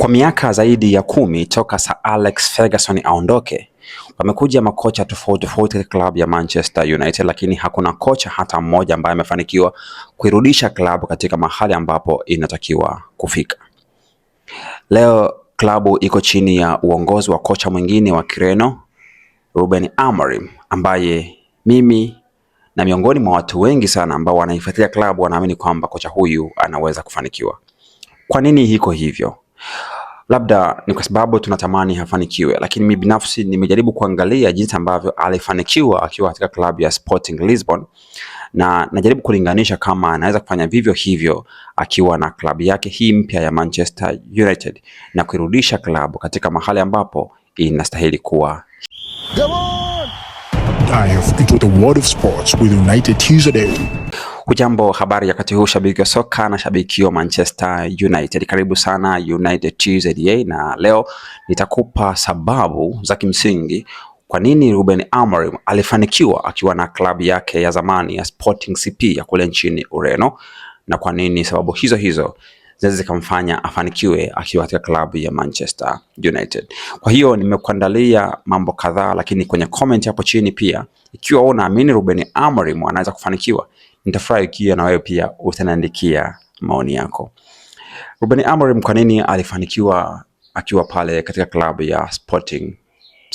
Kwa miaka zaidi ya kumi toka Sir Alex Ferguson aondoke, wamekuja makocha tofauti tofauti katika klabu ya Manchester United, lakini hakuna kocha hata mmoja ambaye amefanikiwa kuirudisha klabu katika mahali ambapo inatakiwa kufika. Leo klabu iko chini ya uongozi wa kocha mwingine wa Kireno Ruben Amorim, ambaye mimi na miongoni mwa watu wengi sana ambao wanaifuatilia klabu wanaamini kwamba kocha huyu anaweza kufanikiwa. Kwa nini iko hivyo? Labda ni kwa sababu tunatamani hafanikiwe, lakini mimi binafsi nimejaribu kuangalia jinsi ambavyo alifanikiwa akiwa katika klabu ya Sporting Lisbon, na najaribu kulinganisha kama anaweza kufanya vivyo hivyo akiwa na klabu yake hii mpya ya Manchester United na kuirudisha klabu katika mahali ambapo inastahili kuwa dive into the world of sports with United Tuesday. Hujambo, habari ya wakati huu shabiki wa soka na shabiki wa Manchester United, karibu sana United Tuesday, na leo nitakupa sababu za kimsingi kwa nini Ruben Amorim alifanikiwa akiwa na klabu yake ya zamani ya Sporting CP ya kule nchini Ureno, na kwa nini sababu hizo hizo zinaweza zikamfanya afanikiwe akiwa katika klabu ya Manchester United. Kwa hiyo nimekuandalia mambo kadhaa, lakini kwenye comment hapo chini pia, ikiwa unaamini Ruben Amorim anaweza kufanikiwa, nitafurahi ikiwa na wewe pia utaniandikia maoni yako. Ruben Amorim kwa nini alifanikiwa akiwa pale katika klabu ya Sporting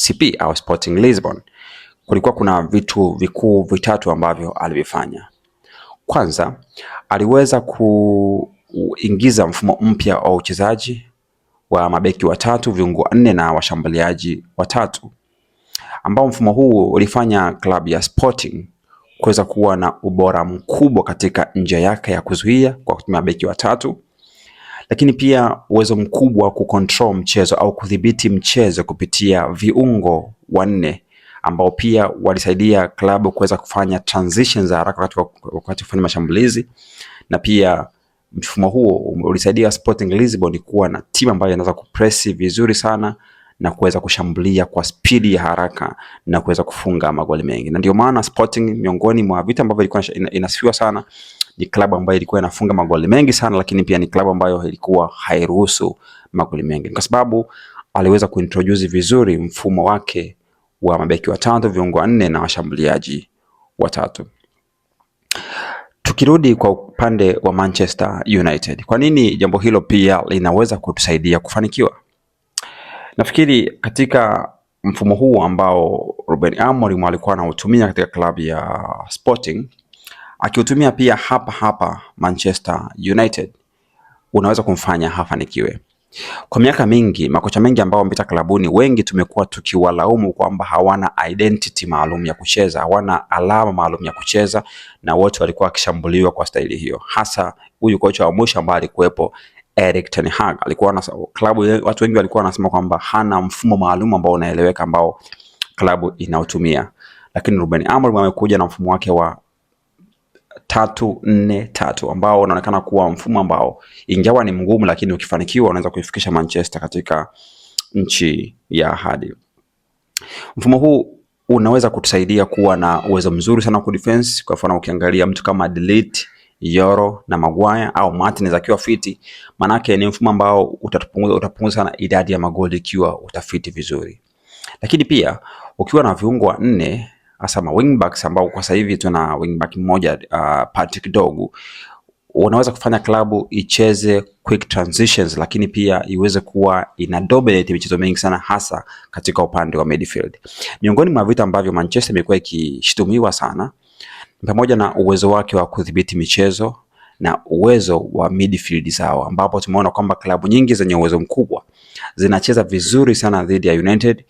CP au Sporting Lisbon? Kulikuwa kuna vitu vikuu vitatu ambavyo alivifanya. Kwanza, aliweza ku kuingiza mfumo mpya wa uchezaji wa mabeki watatu, viungo wanne na washambuliaji watatu, ambao mfumo huu ulifanya klabu ya Sporting kuweza kuwa na ubora mkubwa katika njia yake ya kuzuia kwa kutumia mabeki watatu, lakini pia uwezo mkubwa wa kucontrol mchezo au kudhibiti mchezo kupitia viungo wanne ambao pia walisaidia klabu kuweza kufanya transition za haraka wakati wa kufanya mashambulizi na pia mfumo huo ulisaidia Sporting Lisbon kuwa na timu ambayo inaweza kupresi vizuri sana na kuweza kushambulia kwa spidi ya haraka na kuweza kufunga magoli mengi, na ndio maana Sporting, miongoni mwa vitu ambavyo ilikuwa inasifiwa sana, ni klabu ambayo ilikuwa inafunga magoli mengi sana, lakini pia ni klabu ambayo ilikuwa hairuhusu magoli mengi, kwa sababu aliweza kuintroduce vizuri mfumo wake wa mabeki watatu, viungo wanne na washambuliaji watatu. Tukirudi kwa upande wa Manchester United, kwa nini jambo hilo pia linaweza kutusaidia kufanikiwa? Nafikiri katika mfumo huu ambao Ruben Amorim alikuwa anautumia katika klabu ya Sporting, akiutumia pia hapa hapa Manchester United, unaweza kumfanya hafanikiwe. Kwa miaka mingi makocha mengi ambao wamepita klabuni, wengi tumekuwa tukiwalaumu kwamba hawana identity maalum ya kucheza, hawana alama maalum ya kucheza, na wote walikuwa wakishambuliwa kwa staili hiyo, hasa huyu kocha wa mwisho ambaye alikuwepo Erik ten Hag alikuwa na klabu, watu wengi walikuwa wanasema kwamba hana mfumo maalum ambao unaeleweka ambao klabu inautumia, lakini Ruben Amorim amekuja na mfumo wake wa tatu nne tatu ambao unaonekana kuwa mfumo ambao ingawa ni mgumu, lakini ukifanikiwa unaweza kuifikisha Manchester katika nchi ya ahadi. Mfumo huu unaweza kutusaidia kuwa na uwezo mzuri sana ku defense. Kwa mfano ukiangalia mtu kama Delite, Yoro na Maguire au Martinez akiwa fiti, manake ni mfumo ambao utapunguza utapunguza sana idadi ya magoli ikiwa utafiti vizuri, lakini pia ukiwa na viungo wanne hasa ma wingbacks ambao kwa sasa hivi tuna wingback mmoja uh, Patrick Dogu, unaweza kufanya klabu icheze quick transitions, lakini pia iweze kuwa ina dominate michezo mingi sana, hasa katika upande wa midfield. Miongoni mwa vitu ambavyo Manchester imekuwa ikishutumiwa sana pamoja na uwezo wake wa kudhibiti michezo na uwezo wa midfield zao, ambapo tumeona kwamba klabu nyingi zenye uwezo mkubwa zinacheza vizuri sana dhidi ya United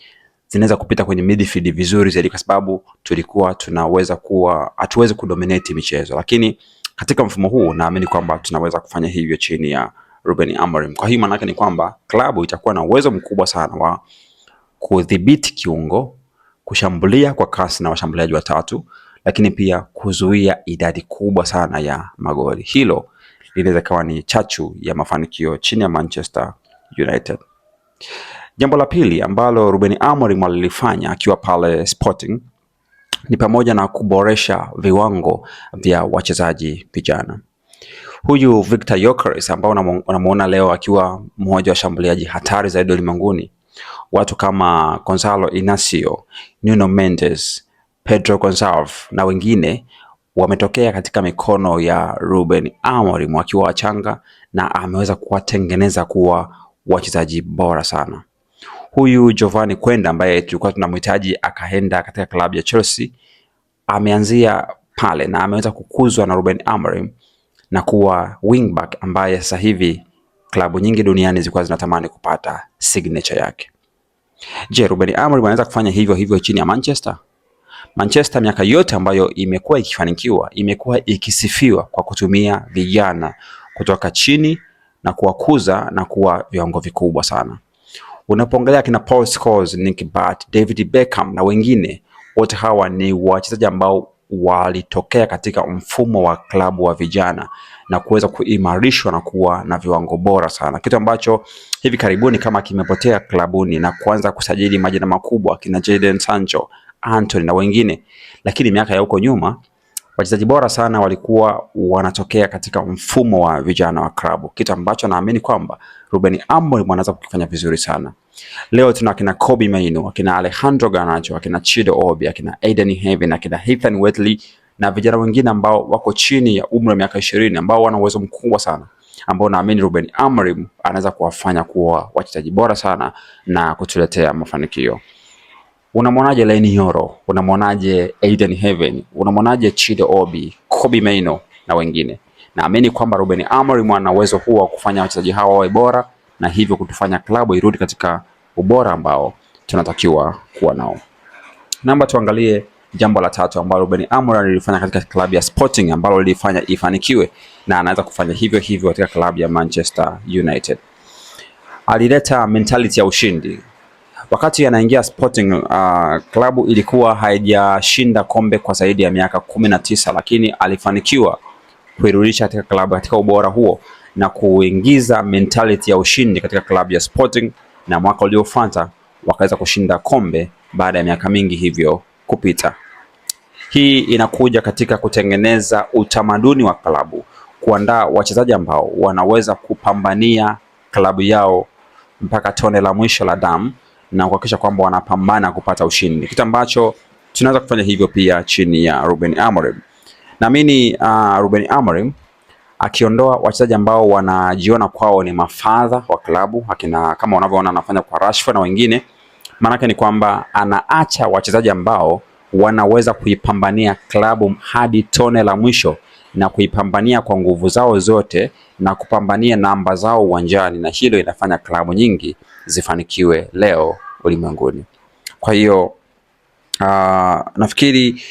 zinaweza kupita kwenye midfield vizuri zaidi, kwa sababu tulikuwa tunaweza kuwa hatuwezi kudominate michezo, lakini katika mfumo huu naamini kwamba tunaweza kufanya hivyo chini ya Ruben Amorim. Kwa hiyo maana yake ni kwamba klabu itakuwa na uwezo mkubwa sana wa kudhibiti kiungo, kushambulia kwa kasi na washambuliaji watatu, lakini pia kuzuia idadi kubwa sana ya magoli. Hilo linaweza ikawa ni chachu ya mafanikio chini ya Manchester United. Jambo la pili ambalo Ruben Amorim alilifanya akiwa pale Sporting ni pamoja na kuboresha viwango vya wachezaji vijana. Huyu Victor Gyökeres ambao unamuona leo akiwa mmoja wa washambuliaji hatari zaidi ulimwenguni, watu kama Gonzalo Inacio, Nuno Mendes, Pedro Gonçalves na wengine wametokea katika mikono ya Ruben Amorim akiwa wachanga na ameweza kuwatengeneza kuwa wachezaji bora sana. Huyu Giovanni Kwenda ambaye tulikuwa tunamhitaji akaenda katika klabu ya Chelsea ameanzia pale na ameweza kukuzwa na Ruben Amorim na kuwa wingback ambaye sasa hivi klabu nyingi duniani zilikuwa zinatamani kupata signature yake. Je, Ruben Amorim anaweza kufanya hivyo hivyo chini ya Manchester? Manchester miaka yote ambayo imekuwa ikifanikiwa imekuwa ikisifiwa kwa kutumia vijana kutoka chini na kuwakuza na kuwa viwango vikubwa sana unapoongelea kina Paul Scholes, Nick Butt, David Beckham na wengine wote hawa ni wachezaji ambao walitokea katika mfumo wa klabu wa vijana na kuweza kuimarishwa na kuwa na viwango bora sana, kitu ambacho hivi karibuni kama kimepotea klabuni na kuanza kusajili majina makubwa kina Jadon Sancho, Anthony na wengine. Lakini miaka ya huko nyuma wachezaji bora sana walikuwa wanatokea katika mfumo wa vijana wa klabu, kitu ambacho naamini kwamba Ruben Amorim anaanza kukifanya vizuri sana. Leo tuna akina Kobbie Maino, akina Alejandro Garnacho, akina Chido Obi, akina Aiden Heaven, akina Ethan Wetley na vijana wengine ambao wako chini ya umri wa miaka ishirini ambao wana uwezo mkubwa sana ambao naamini Ruben Amorim anaweza kuwafanya kuwa wachezaji bora sana na kutuletea mafanikio. Unamwonaje Laine Yoro? Unamwonaje Aiden Heaven? Unamwonaje Chido Obi, Kobbie Maino na wengine? Naamini kwamba Ruben Amorim ana uwezo huo wa kufanya wachezaji hawa wawe bora na hivyo kutufanya klabu irudi katika ubora ambao tunatakiwa kuwa nao. Namba tuangalie jambo la tatu ambalo Ruben Amorim alifanya katika klabu ya Sporting ambalo lilifanya ifanikiwe na anaweza kufanya hivyo hivyo katika klabu ya Manchester United. Alileta mentality ya ushindi. Wakati anaingia Sporting, uh, klabu ilikuwa haijashinda kombe kwa zaidi ya miaka kumi na tisa, lakini alifanikiwa kuirudisha katika klabu katika ubora huo na kuingiza mentality ya ushindi katika klabu ya Sporting, na mwaka uliofuata wakaweza kushinda kombe baada ya miaka mingi hivyo kupita. Hii inakuja katika kutengeneza utamaduni wa klabu, kuandaa wachezaji ambao wanaweza kupambania klabu yao mpaka tone la mwisho la damu na kuhakikisha kwamba wanapambana kupata ushindi, kitu ambacho tunaweza kufanya hivyo pia chini ya Ruben Amorim. Naamini uh, Ruben Amorim akiondoa wachezaji ambao wanajiona kwao ni mafadha wa klabu akina kama unavyoona anafanya kwa Rashford na wengine, maanake ni kwamba anaacha wachezaji ambao wanaweza kuipambania klabu hadi tone la mwisho na kuipambania kwa nguvu zao zote na kupambania namba zao uwanjani, na hilo inafanya klabu nyingi zifanikiwe leo ulimwenguni. Kwa hiyo uh, nafikiri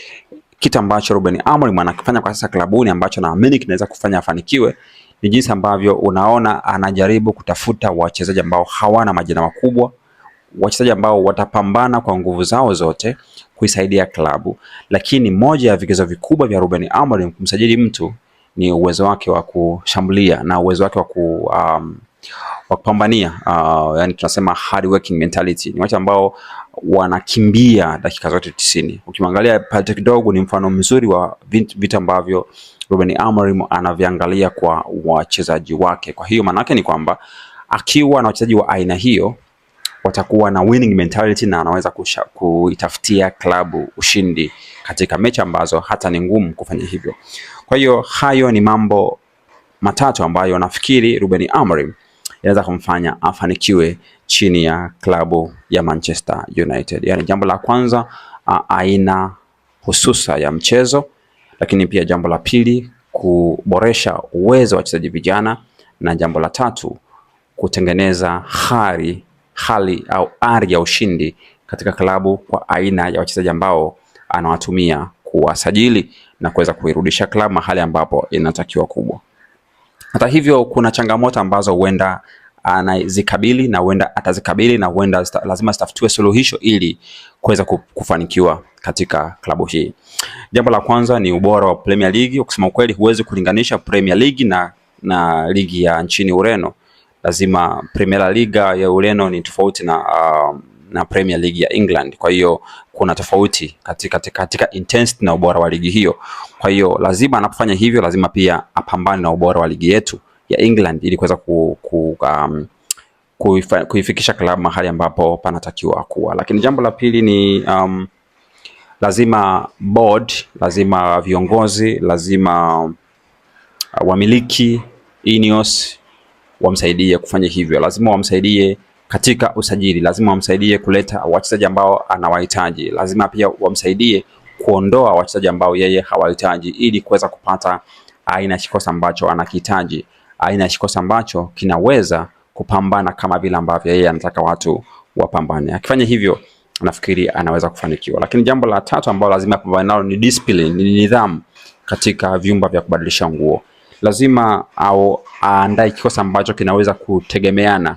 kitu ambacho Ruben Amorim anakifanya kwa sasa klabuni ambacho naamini kinaweza kufanya afanikiwe ni jinsi ambavyo unaona anajaribu kutafuta wachezaji ambao hawana majina makubwa, wachezaji ambao watapambana kwa nguvu zao zote kuisaidia klabu. Lakini moja ya vigezo vikubwa vya Ruben Amorim kumsajili mtu ni uwezo wake wa kushambulia na uwezo wake wa ku um, kupambania uh, yani tunasema hard working mentality. Ni watu ambao wanakimbia dakika zote tisini. Ukimwangalia Patrick Dogu ni mfano mzuri wa vitu ambavyo Ruben Amorim anaviangalia kwa wachezaji wake. Kwa hiyo maana yake ni kwamba akiwa na wachezaji wa aina hiyo watakuwa na winning mentality na anaweza kuitafutia klabu ushindi katika mechi ambazo hata ni ngumu kufanya hivyo. Kwa hiyo hayo ni mambo matatu ambayo nafikiri Ruben Amorim inaweza kumfanya afanikiwe chini ya klabu ya Manchester United. Yaani jambo la kwanza aina hususa ya mchezo, lakini pia jambo la pili kuboresha uwezo wa wachezaji vijana, na jambo la tatu kutengeneza hali hali au ari ya ushindi katika klabu kwa aina ya wachezaji ambao anawatumia kuwasajili na kuweza kuirudisha klabu mahali ambapo inatakiwa kubwa. Hata hivyo, kuna changamoto ambazo huenda ah, anazikabili na huenda atazikabili na huenda lazima zitafutiwe suluhisho ili kuweza kufanikiwa katika klabu hii. Jambo la kwanza ni ubora wa Premier League. Ukisema ukweli, huwezi kulinganisha Premier League na, na ligi ya nchini Ureno. Lazima Premier Liga ya Ureno ni tofauti na um, na Premier League ya England. Kwa hiyo kuna tofauti katika, katika intensity na ubora wa ligi hiyo. Kwa hiyo lazima anapofanya hivyo, lazima pia apambane na ubora wa ligi yetu ya England ili kuweza ku, ku, um, kuifikisha klabu mahali ambapo panatakiwa kuwa. Lakini jambo la pili ni um, lazima board, lazima viongozi, lazima uh, wamiliki Ineos wamsaidie kufanya hivyo, lazima wamsaidie katika usajili. Lazima wamsaidie kuleta wachezaji ambao anawahitaji, lazima pia wamsaidie kuondoa wachezaji ambao yeye hawahitaji ili kuweza kupata aina ya kikosi ambacho anakihitaji, aina ya kikosi ambacho kinaweza kupambana kama vile ambavyo yeye anataka watu wapambane. Akifanya hivyo, nafikiri anaweza kufanikiwa. Lakini jambo la tatu ambalo lazima apambane nalo ni discipline, ni nidhamu katika vyumba vya kubadilisha nguo. Lazima au aandae kikosi ambacho kinaweza kutegemeana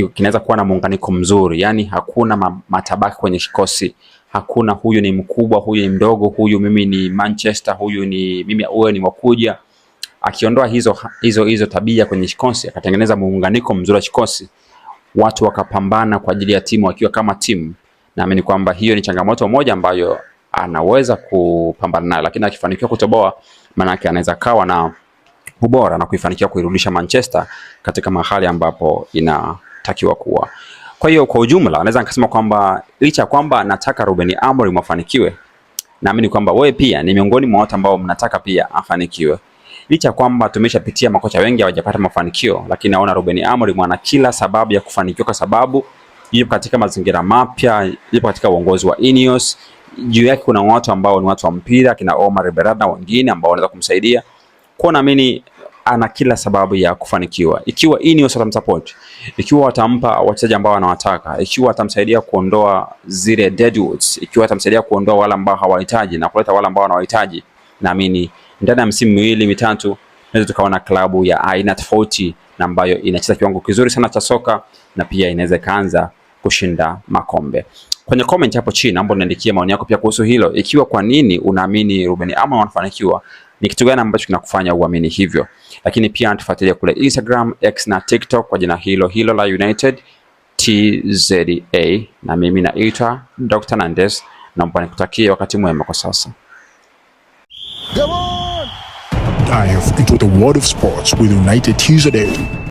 kinaweza kuwa na muunganiko mzuri, yaani hakuna matabaka kwenye kikosi, hakuna huyu ni mkubwa, huyu ni mdogo, huyu mimi ni Manchester, huyu ni mimi, wewe ni wakuja. Akiondoa hizo, hizo, hizo tabia kwenye kikosi, akatengeneza muunganiko mzuri wa kikosi, watu wakapambana kwa ajili ya timu wakiwa kama timu. Naamini kwamba hiyo ni changamoto moja ambayo anaweza kupambana nayo, lakini akifanikiwa kutoboa, yake anaweza kawa na ubora na kuifanikiwa kuirudisha Manchester katika mahali ambapo ina anatakiwa kuwa. Kwa hiyo kwa ujumla naweza nikasema kwamba licha ya kwamba nataka Ruben Amorim afanikiwe, naamini kwamba wewe pia ni miongoni mwa watu ambao mnataka pia afanikiwe. Licha ya kwamba tumeshapitia makocha wengi hawajapata mafanikio, lakini naona Ruben Amorim ana kila sababu ya kufanikiwa kwa sababu yupo katika mazingira mapya, yupo katika uongozi wa Ineos. Juu yake kuna watu ambao ni watu wa mpira kina Omar Berada na wengine ambao wanaweza kumsaidia. Kwa naamini ana kila sababu ya kufanikiwa. Ikiwa Ineos watamsupport, ikiwa watampa wachezaji ambao wanawataka, ikiwa atamsaidia kuondoa zile deadwoods, ikiwa atamsaidia kuondoa wale ambao hawahitaji na kuleta wale ambao wanawahitaji, naamini ndani ya msimu miwili mitatu naweza tukaona klabu ya aina tofauti na ambayo inacheza kiwango kizuri sana cha soka na pia inaweza ikaanza kushinda makombe. Kwenye comment hapo chini ambapo niandikie maoni yako pia kuhusu hilo, ikiwa kwa nini unaamini Ruben Amorim anafanikiwa, ni kitu gani ambacho kinakufanya uamini hivyo? lakini pia tufuatilie kule Instagram, X na TikTok kwa jina hilo hilo la United TZA, na mimi naitwa Dr. Nandes, naomba nikutakie wakati mwema kwa sasa. Dive into the world of sports with United TZA.